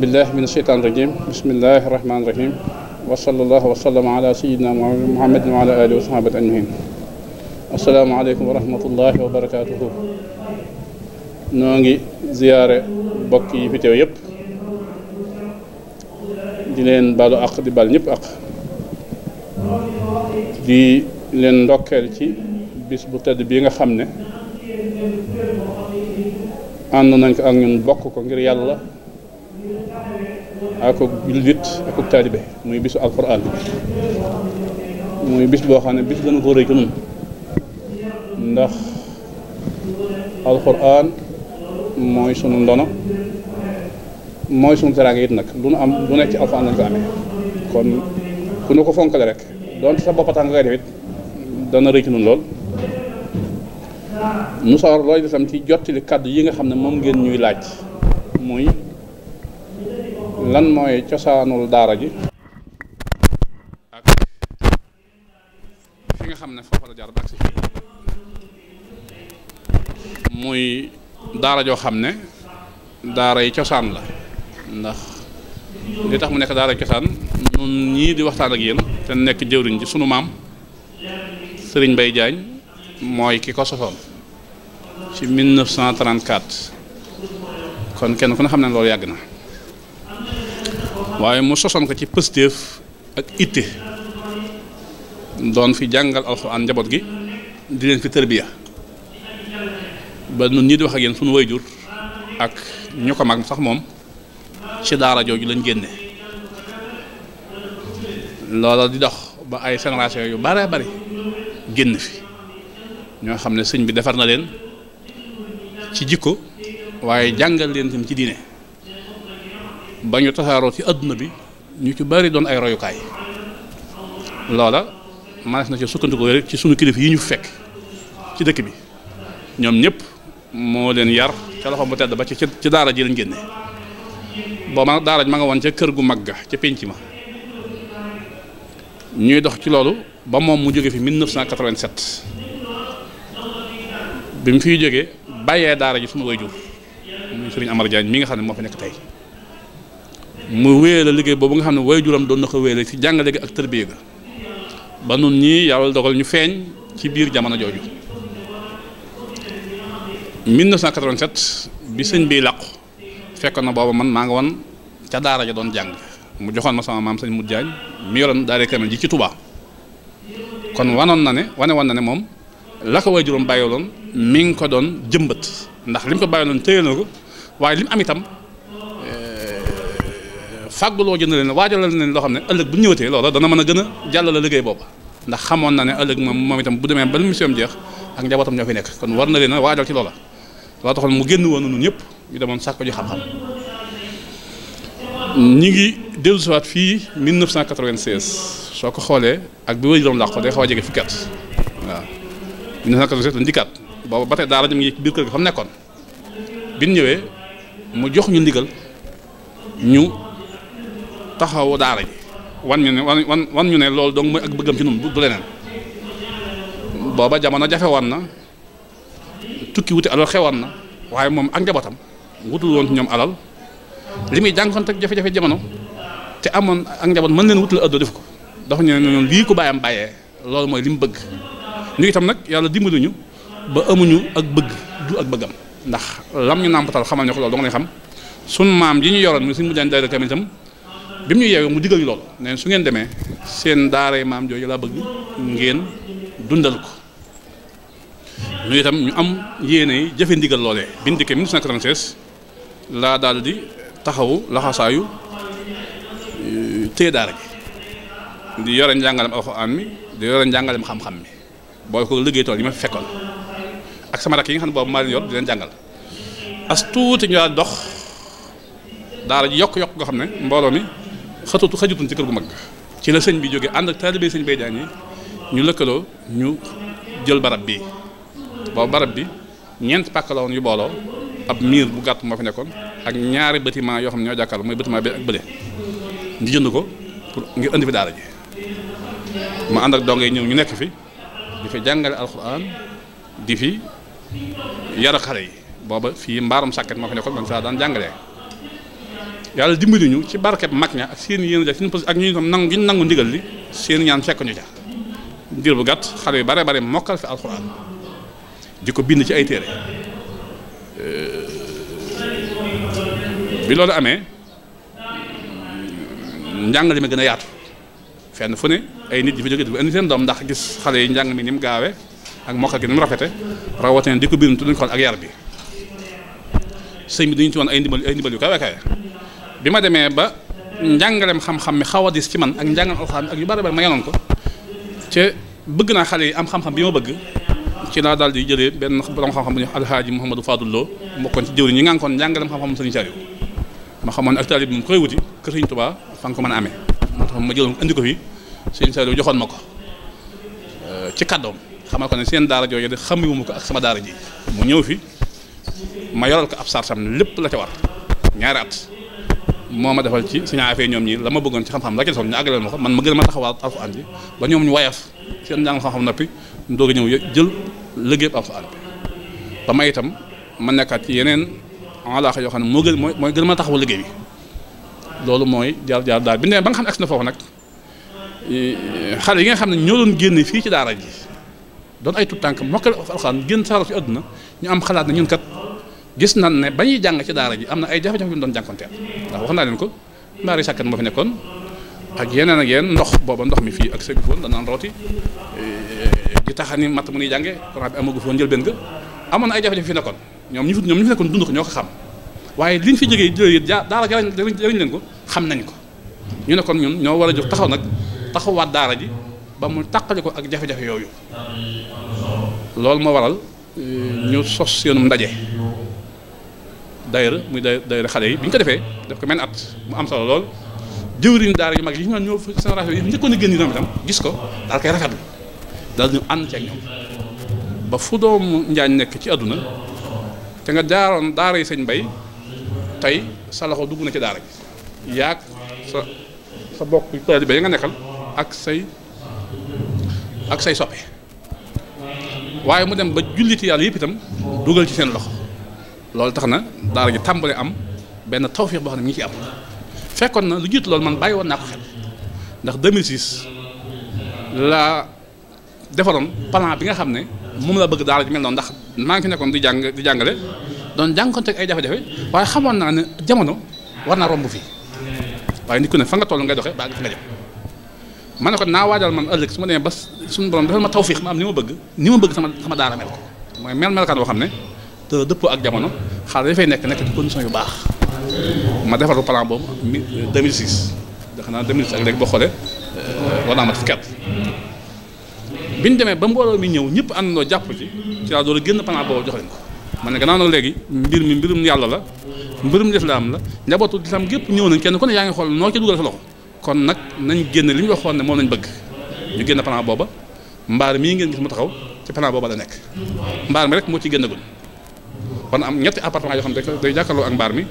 بالله من الشيطان الرجيم بسم الله الرحمن الرحيم وصلى الله وسلم على سيدنا محمد وعلى اله وصحبه اجمعين السلام عليكم ورحمه الله وبركاته نوغي زياره بوكي فيتيو ييب دي لين بالو اخ دي بال نيب اخ دي لين دوكل سي بيس بو تاد بيغا خامني اند نانك اك نون بوكو كو غير يالله ak jullit ak taalibe muy bisu alquran muy bis boo xam ne bis gën a ko rëy nun ndax alquran mooy sunu ndono mooy sunu teraanga it nag lu nu am lu nekk ci alquran lañ ko amee kon ku nu ko fonkale rek donte sa bopp nga koy def dana rëy nun lool nu sawar looy defam ci jottali kàddu yi nga xam ne moom ngeen ñuy laaj muy lan mooy cosaanul daara ji ak fi nga xam ne foofa la jaar ba agsi muy daara joo xam ne daara yi cosaan la ndax li tax mu nekk daara cosaan nun ñii di waxtaan ak yéen te nekk jëwriñ ji sunu maam sëriñ Mbaye Diagne mooy ki ko sosoon ci 1934 kon kenn ku ne xam ne loolu yàgg na waaye mu sosoon ko ci pëstéef ak itte doon fi jàngal alxuraan njaboot gi di leen fi tërbiya ba nun ñii di wax ak yéen sunu wayjur ak ñu ko mag sax moom ci daara jooju lañ génne loola di dox ba ay génération yu bare bari génn fi ñoo xam ne sëñ bi defar na leen ci jikko waaye jàngal leen tam ci diine ba ñu tasaaroo ci àdduna bi ñu ci bari doon ay royukaay loola manees na ci sukkandiku rek ci sunu kilif yi ñu fekk ci dëkk bi ñoom ñëpp moo leen yar ca loxo mu tedd ba ci ci daara ji lañ génne booba daara ji ma nga woon ca kër gu mag ga ca pénc ma ñuy dox ci loolu ba moom mu jóge fi 1987 bi mu fiy jógee bàyyee daara ji suma way jur muy Serigne Amar mi nga xam ne moo fa nekk tey mu wéyee la liggéey boobu nga xam ne waajuram doon na ko wéyale ci jàngale gi ak tërbiye ga ba nun ñii yàlla dogal ñu feeñ ci biir jamono jooju 1987 bi sëñ bi làqu fekkoon na booba man maa ngi woon ca daara ja doon jàng mu joxoon ma sama maam sëñ Mut Jaañ mi yoroon daara kamil ji ci Touba kon wanoon na ne wane woon na ne moom la ko waajuram bàyyiloon mi ngi ko doon jëmbat ndax li mu ko bàyyiloon téye na ko waaye li am itam fàgguloo jënd leen waajalal leen loo xam ne ëllëg bu ñëwatee loola dana mën a gën a jàllale liggéey boobu ndax xamoon na ne ëllëg moom moom itam bu demee ba mission jeex ak njabootam ñoo fi nekk kon war na leen a waajal ci loola loo taxoon mu génn woon ñun ñëpp ñu demoon sàkko ji xam-xam ñi ngi dellusiwaat fii 1996 soo ko xoolee ak bi wëy doon làqu day xaw jege fukki at waaw 1996 lañu dikkaat booba ba tey daara ñu ngi biir kër gi fa mu nekkoon bi ñu ñëwee mu jox ñu ndigal ñu taxawu daara ji wan ñu ne wan wan ñu ne lool dong mooy ak bëggam ci nun du leneen booba jamono jafe woon na tukki wuti alal xewoon na waaye moom ak njabootam wutul woon ci ñoom alal li muy jànkoonte ak jafe jamono te amoon ak njaboot mën leen wutul ëddoo def ko dafa ñu ne ñoom lii ko bàyyam bàyyee loolu mooy li mu bëgg ñu itam nag yàlla dimbaluñu ba amuñu ak bëgg du ak bëggam ndax lam ñu nàmpatal xamal ñu ko loolu dong lay xam sunu maam yi ñu yoroon muy suñu mujjaan bi mu ñu mu digal ñu lool neen su ngeen demee seen daara imam jooju la bëgg ngeen dundal ko ñu itam ñu am yéene jëfe ndigal loolee bi ñu dikkee 1996 la daal di taxawu laxasaayu euh, téye daara gi di jangalam ak xam mi di yoré jangalam xam-xam mi boy ko liggéey tool yi ma fekkol ak sama rak yi nga xam ne ma leen yor di leen jangal as tuuti ñu daal dox daara ji yok yok nga xamne mbolo mi xatutu xajutuñ ci kër bu mag ci la sëñ bi jógee ànd ak taalibe sëñ bay jaañ yi ñu lëkkaloo ñu jël barab bi boobu barab bi ñeent pàkk la yu booloo ab miir bu gàtt moo fi nekkoon ak ñaari bâtiment yoo xam ne ñoo jàkkaarloo mooy bâtiment bi ak bële ñu jënd ko pour ngir indi fi daara ji ma ànd ak donge ñëw ñu nekk fi di fi jàngale alxuraan di fi yar xale yi booba fii mbaarum sàkket moo fi nekkoon man saa daan jàngalee yalla dimbali ñu ci barkeb mag ña ak seen yeen ja seen pos ak ñu nangu nang giñ nangu ndigal li seen ñaan fekk ñu ja dir bu gàtt xale yu bare bare mokal fi alquran diko bind ci ay téré euh bi lolu amé njàng li ma gëna yaatu fenn fune ay nit yi fi jóge du andi seen dom ndax gis xale yi njàng mi nim gaawé ak mokkal gi nim rafété rawaté diko bind tu bind tudd ko ak yar bi sëñ bi duñ ci won ay ndimbal ay ndimbal yu kawé kawé bi ma demee ba njàngalem xam-xam mi xaw a dis ci man ak njàngalem alxuraan ak yu bari bari ma yenoon ko ci bëgg naa xale yi am xam-xam bi ma bëgg ci laa daal di jële benn borom xam-xam bu ñuy wax alhaaji Mouhamadou Fadul Lo mbokkoon ci jëwriñ ñi nga kon njàngalem xam-xam sëriñ Saliou ma xamoon ak taalib bi mu koy wuti kër sëriñ Tuubaa fa nga ko mën a amee moo tax ma jëloon indi ko fi sëriñ Saliou joxoon ma ko euh, ci kàddoom xamal ko ne seen daara jooju de xamuwuma ko ak sama daara ji mu ñëw fii ma yoral ko ab sarsam lépp la ca war ñaari at moo ma defal ci suñu affaire ñoom ñi la ma bëggoon ci xam-xam la ca desoon ñu àggaleel ma ko man ma gën a ma taxawaat alxuraan ba ñu wayaf seen njàng xam-xam noppi ñu doog a jël liggéey alxuraan bi ba ma itam ma nekkaat ci yeneen alaaxa yoo xam ne moo gën mooy mooy gën ma taxawal liggéey loolu mooy jaar jaar daal bi ne ba nga xam ne agsi na foofu nag xale yi nga xam ne ñoo doon génne fii ci daara ji doon ay tuut tànk mokkal alxuraan génn saxal ci àdduna ñu am xalaat ne ñun kat gis nan ne ba ñuy jàng ci daara ji am na ay jafe-jafe yu ñu doon jànkonteel wax naa leen ko naari sàkkat moo fi nekkoon ak yeneen ak yeneen ndox booba ndox mi fii ak sëñ foon danaan rooti eh, di taxani matt mu nuy jànge courant bi amagu foon njëlbeen amoon ay jafe nekkoon ñoom ñu ñoom ñu fi nekkoon dund ko ñoo ko xam waaye liñ fi jógee jëlee daara jariñ jariñ leen ko xam nañ ko ñu ne kon ñun ñoo war a jóg taxaw nag taxawaat daara ji ba mu tàqali ko ak jafe yooyu loolu moo waral eh, ñu sos seenum ndaje daayira muy daayira xale yi bi ñu ko defee def ko mel men at mu am solo lool jëwriñ daar yi mag yi ñu naan ñoo génération yi njëkkoon a génn ñoom itam gis ko daal koy rafetlu daal ñu ànd ci ak ñoom ba fu doomu njaañ nekk ci àdduna te nga jaaroon daar yi sëñ Mbay tey sa loxo dugg na ci daar gi yaag sa sa bokk taalibe ya nga nekkal ak say ak say soppe waaye mu dem ba julliti yàlla yëpp itam dugal ci seen loxo loolu tax na daara gi tàmbale am benn tawféex boo xam ne ñu ngi ci am fekkoon na lu jiitu loolu man bàyyi woon naa ko xel ndax 2006 la defaroon plan bi nga xam ne moom laa bëgg daara ji mel noonu ndax maa ngi fi nekkoon di jàng di jàngale doon jànkonteeg ay jafe-jafe waaye xamoon naa ne jamono war naa romb fii waaye nit ku ne fa nga toll ngay doxee baa nga fa nga jëm ma ne ko naa waajal man ëllëg su ma demee ba suñu borom defal ma tawféex ma bëgg ni ma bëgg sama sama daara mel ko mooy boo xam ne te dëppoo ak jamono xaalis dafay nekk nekk ci condition yu baax ma defaru plan boobu 2006 da xanaa 2006 ak léegi boo xoolee euh, war naa mat bi ñu demee ba mbooloo mi ñëw ñëpp àndandoo jàpp ci ci laa doon génn plan jox leen ko ma ne gannaaw nag léegi mbir mi mbirum yàlla la mbirum lislaam la njabootu lislaam gépp ñëw nañ kenn ku ne yaa ngi xool noo ci dugal sa loxo kon nag nañ génn li ñu waxoon ne moom lañ bëgg ñu génn plan booba mbaar mii ngeen gis mu taxaw ci plan booba la nekk mbaar mi rek moo ci génnagul war na am ñetti appartement yoo xam ne day jàkkaarloo ak mbaar mi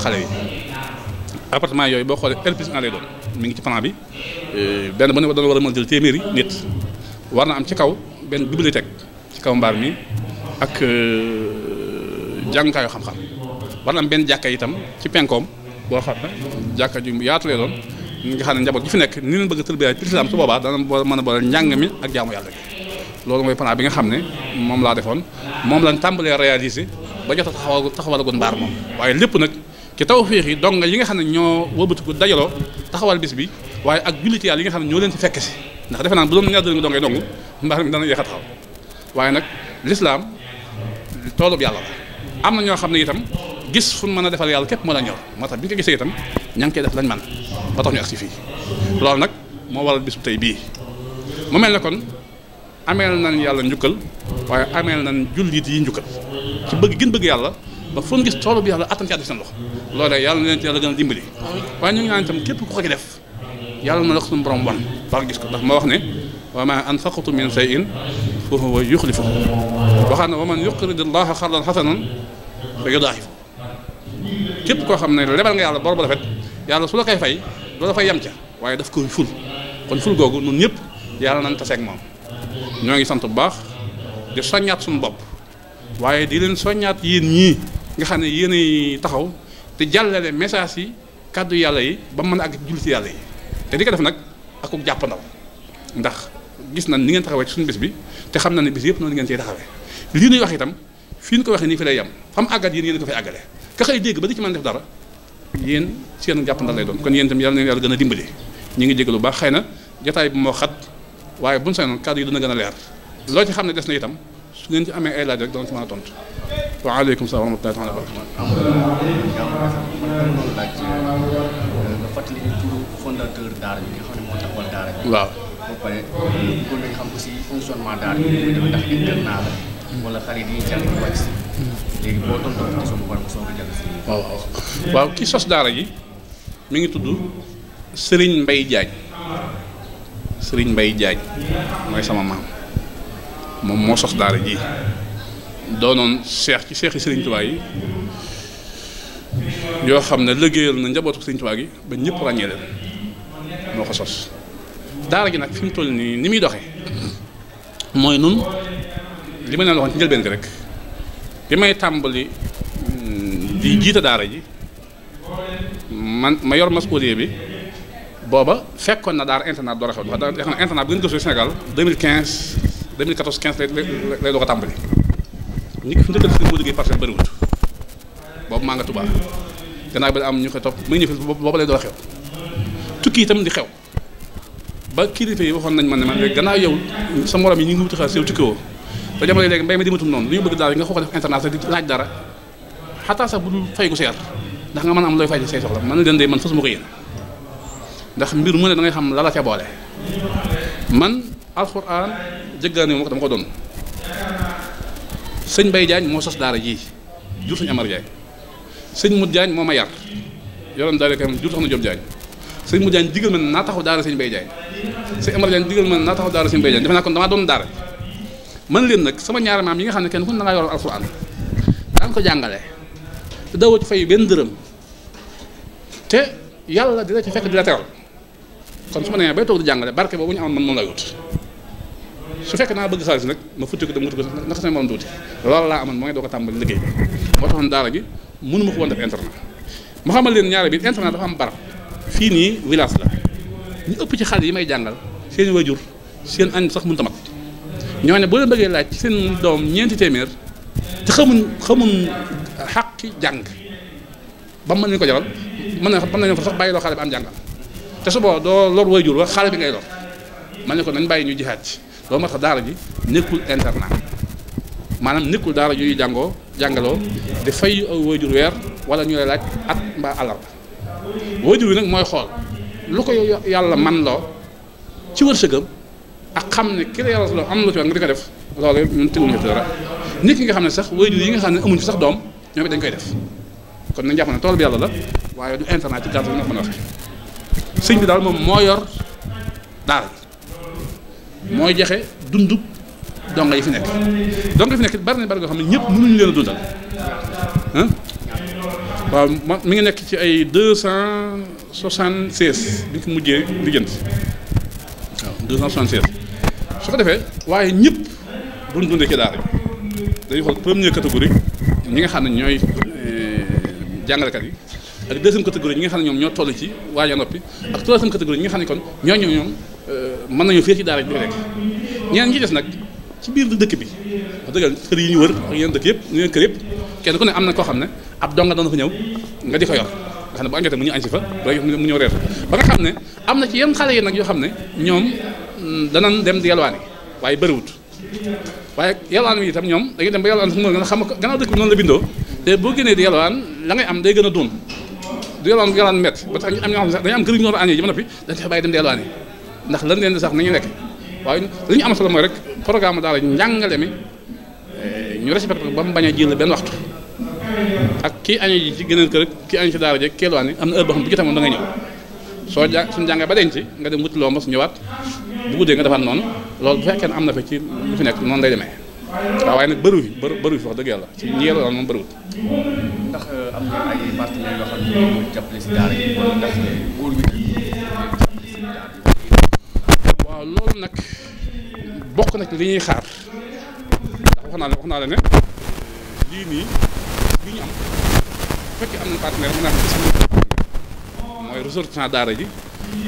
xale yi yooyu boo xoolee R plus 1 lay doon mi ngi ci plan bi eh, benn bu ne dana war a mën a jël téeméeri nit war na am ci kaw benn bibliothèque ci mbaar mi ak eh, jàngukaayu xam-xam war na am benn jàkka itam ci penkoom boo xam ne jàkka ju yaatu lay doon ñi nga xam ne njaboot ji fi nekk ni leen bëgg a tërbiyaay ci lislaam su boobaa dana mën a boole njàng mi ak jaamu yàlla gi loolu mooy plan bi nga xam ne moom laa defoon moom lañ tàmbalee réaliser ba jot a taxawal taxawalagoon mbaar moom waaye lépp nag ci tawféex yi dong yi nga xam ne ñoo wëbatiku dajaloo taxawal bis bi waaye ak jullit yàlla yi nga xam ne ñoo leen ci fekke si ndax defe naa bu doon ñaar dërëm dongay dong mbaar mi dana yéex a taxaw waaye nag yàlla am na ñoo xam ne itam gis fu mën a defal yàlla képp moo la ñor moo tax bi ñu gisee itam ña ngi koy def lañ man ba tax ñu agsi fii loolu nag moo waral bis bu tey bii mu mel ne kon ameel nañ yàlla njukkal waaye amee nañ jullit yi njukkal ci bëgg gën bëgg yàlla ba fu ñu toolu bi yàlla attan ci àddu seen loxo loolee yàlla na leen ci yàlla gën a dimbali waaye ñu ngi naan itam képp ku ko ci def yàlla na la ko suñu gis ko ma wax ne wa ma anfaqtu min shay'in fa huwa yukhlifuhu waxaat na wa man yuqrid allaha qardan hasanan fa képp koo xam ne lebal nga yàlla bor bu rafet yàlla su la koy fay doo la fay yem ca waaye daf koy ful kon ful googu ñun ñëpp yàlla nañ taseeg moom ñoo ngi sant bu baax di soññaat suñu bopp waaye di leen soññaat yéen ñii nga xam ne yéenay taxaw te jàllale message yi kàddu yàlla yi ba mën a àgg julliti yàlla yi te di ko def nag akuk jàppandaw ndax gis na ni ngeen taxawee ci suñu bis bi te xam na ne bis yëpp noonu ngeen cee taxawee lii nuy wax itam fii ñu ko waxee nii fi lay yem xam àggat yéen yéen ko fay àggale ka xëy dégg ba di ci mën def dara yéen seen jàppandal lay doon kon yéen itam yàlla na yàlla dimbali ñu ngi jégalu baax xëy na jotaay bi moo waaye buñ sañoon kàddu yi dana gën a leer loo ci xam ne des na itam su ngeen ci amee ay laaj rek dana ci mën a tontu waaleykum salaam wa rahmatulah. fondateur waaw ki sos daara yi mi ngi tudd Serigne Mbaye Diagne. sëriñ Mbay Jaañ mooy sama maam moom moo sos daara ji doonoon seex ci seexi sëriñ Tuubaa yi yoo xam ne liggéeyal na njabootu sëriñ Tuubaa gi ba ñëpp ràññee leen moo ko sos daara ji nag fi mu toll nii ni muy doxee mooy nun li ma leen waxoon ci njëlbeen gi rek bi may tàmbali mm, di jiite daara ji man ma yor masuuliye bi booba fekkoon na daara internat door a xew dafa xam ne internat bu ngeen gëstu Sénégal 2015 2014 15 nga Touba gannaaw bi am ñu koy topp muy ñëw fi booba lay door a xew tukki di xew ba kilifa yi waxoon nañ man ne man léegi gannaaw yow sa morom yi ñu ngi wuti xaalis yow tukki woo te jamono nga xoo ko def internat di laaj dara xataa sax bu dul fay gu seer ndax nga mën a am looy fay say soxla man leen de man fasuma ko yéen ndax mbir mu ne da ngay xam la la ca boole man alxuraan jëggaane moo ko dama ko doon sëñ Baye jaañ moo sos daara jii jur sëñ Amar Diagne Mut Diagne moo ma yar yoroon daara kam jur soxna Diop Diagne sëñ Mut Diagne digal ma sëñ Baye Diagne sëñ Amar Diagne digal ma ne naa taxaw daara sëñ Baye Diagne defe naa kon leen nag sama ñaari maam yi nga xam ne kenn ku ne da ngaa yoroon alxuraan daan ko jàngale te dawoo ci benn dërëm te yàlla dina ci fekk di kon su ma nee bay toog di jàngale barke boobu ñu amoon man moom lay wut su fekkee naa bëgg xaalis nag ma futti ko dem wuti ko naka sama morom tuuti loolu laa ma ko tàmbali ma bi moo taxoon daara ji mënuma ko woon def internat ma leen ñaare bi internat dafa am barab fii nii village la ëpp ci xale yi may jàngal seen wajur seen añ sax mënut a mat ñoo ne boo leen laaj ci seen doom ñeenti téeméer te xamuñ xamuñ xàqi jàng ba mën nañu ko jaral mën na mën nañu fa sax bàyyi loo xale bi am jàngal te su booba doo lor waajur wa xale bi ngay lor man ne ko nañ bàyyi ñu jihaat ci loolu moo daara ji nekkul internat maanaam nekkul daara yuy jàngoo jàngaloo di fay waajur weer wala ñu lay laaj at mbaa àllarba waajur wi nag mooy xool lu ko yàlla man loo ci wërsëgam ak xam ne ki la loo am lu ci war nga def loolu ñun teguñu ki nga xam ne sax waajur yi nga xam ne amuñu fi sax doom ñoom dañ koy def kon nañ jàpp tool bi la waaye du internat ci gàttal bi nga mën a wax sëñ bi daal moom moo yor daara mooy joxe dundub donga yi fi nekk donga yi fi nekk bari na bari goo xam ne ñëpp mënuñu leen a dundal waaw mi ngi nekk ci ay deux cent soixante seize bi ñu ko mujjee lijjanti waaw deux cent soixante su ko defee waaye ñëpp duñ dundee ci daara ji dañuy xool première catégorie ñi nga xam ne ñooy euh, jàngalekat yi ak deuxième catégorie ñi nga xam ne ñoom ñoo toll ci waaj a noppi ak troisième catégorie ñi nga xam ne kon ñooñu ñoom euh, mën nañoo féer ci daara ji di ko lekk ñeneen des nag ci biir dëkk bi wax dëgg yi ñu wër ak yëpp yeneen yëpp kenn ku ne am na koo xam ne ab donga doon fa ñëw nga di ko yor nga xam ne bu añ mu ñu añ si fa mu ñëw reer ba nga xam ne am na ci yenn xale yi nag yoo xam ne ñoom mm, danañ dem di yalwaani waaye bëriwut waaye yalwaan wi itam ñoom dañuy dem ba yalwaan fu mu gën a xam gannaaw dëkk bi noonu la bindoo te boo génnee di yalwaan la ngay am day gën a doon du yalwaan du yalwaan métti ba am ñoo sax dañu am kër yu ñu war a ndax lan leen sax nañu lekk waaye li ñu am solo mooy rek programme daal njàngale mi eh, ñu respecté ba mu bañ a jël benn waxtu ak kii añee ji ci gëneen kër kii añee ci daara jeeg kii yalwaan am na heure boo xam bu ci tamoon da ñëw soo jàng suñu jàngee ba denc nga dem wuti loo mos ñëwaat bu guddee nga defaat noonu loolu bu fekkee am na fa ci lu fi nekk noonu lay demee waaw ah, waaye nag bëriwu fi bëriwu fi wax dëgg yàlla ci ñi yàlla daal moom bëriwul. ndax euh, am na ay euh, waaw loolu nag bokk na ci li ñuy xaar ndax wax naa la wax naa la ne euh, lii nii li ñu am bu fekkee am na partenaire mën naa xam ne mooy ressortissant daara ji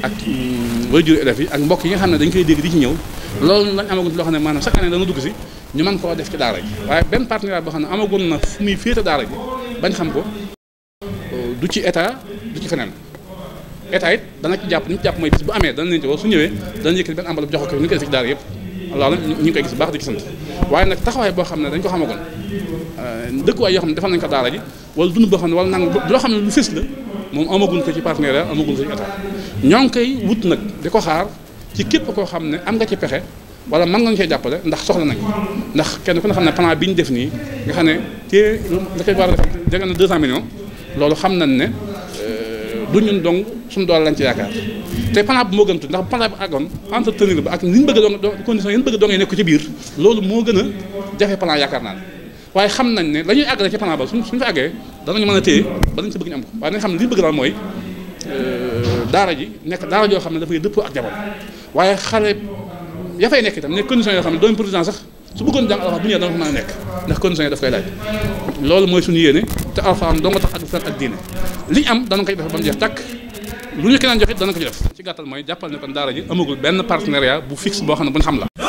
ak mm, waajur élèves yi ak mbokk yi nga xam ne dañ koy dégg di ci ñëw lool lañ amagum ci loo xam ne maanaam chaque année dana dugg si. ñu mën koo def ci daara ji waaye benn partenariat boo xam ne amagul na fu muy féete daara ji bañ xam ko du ci état du ci feneen état it dana ci jàpp ni ñu jàpp mooy bis bu amee dana leen ci woo su ñëwee dana yëkkati benn enveloppe jox ko ñu ngi koy yëpp loolu ñu ngi koy gis baax di gisante waaye nag taxawaay boo xam ne dañ ko xamagoon euh, dëkkuwaay yoo xam ne defal nañ ko daara ji wala dund boo xam ne wala nang loo xam ne lu fës la moom amaguñ ko ci partenariat amaguñ ko ci état ñoo ngi koy wut nag di ko xaar ci képp koo xam ne am nga ci pexe wala mën nañu cee jàppale ndax soxla nañ ndax kenn ku ne xam ne plan bi ñu def nii nga xam ne te la koy war na loolu xam nañ ne euh, du ñun dong suñu doole lañ ci yaakaar te plan bi moo gën tuuti ndax plan bi àggoon entretenir ak ni bëgg a doon condition yi ñu bëgg a doon nekk ci biir loolu moo gën a jafe plan yaakaar naa waaye xam nañ ne la ñuy ci plan ba àggee danañu mën a téye ba lañ si bëgg ñu ko waaye xam ne li ñu bëgg euh, daara ji nekk daara joo xam ne dafay dëppoo ak jamono waaye xale ya fay nekk itam nekk condition yoo xam ne doomu président sax su bëggoon jàng alxuraan bu ñëwee dana ko mën a nekk ndax condition yi daf koy laaj loolu mooy suñu yéene te alxuraan doo nga tax ak diine li am dana koy def ba mu jeex tàkk lu ñu keneen jox it dana ko def ci gàttal mooy jàppal ne kon daara ji amagul benn partenariat bu fixe boo xam ne bu ñu xam la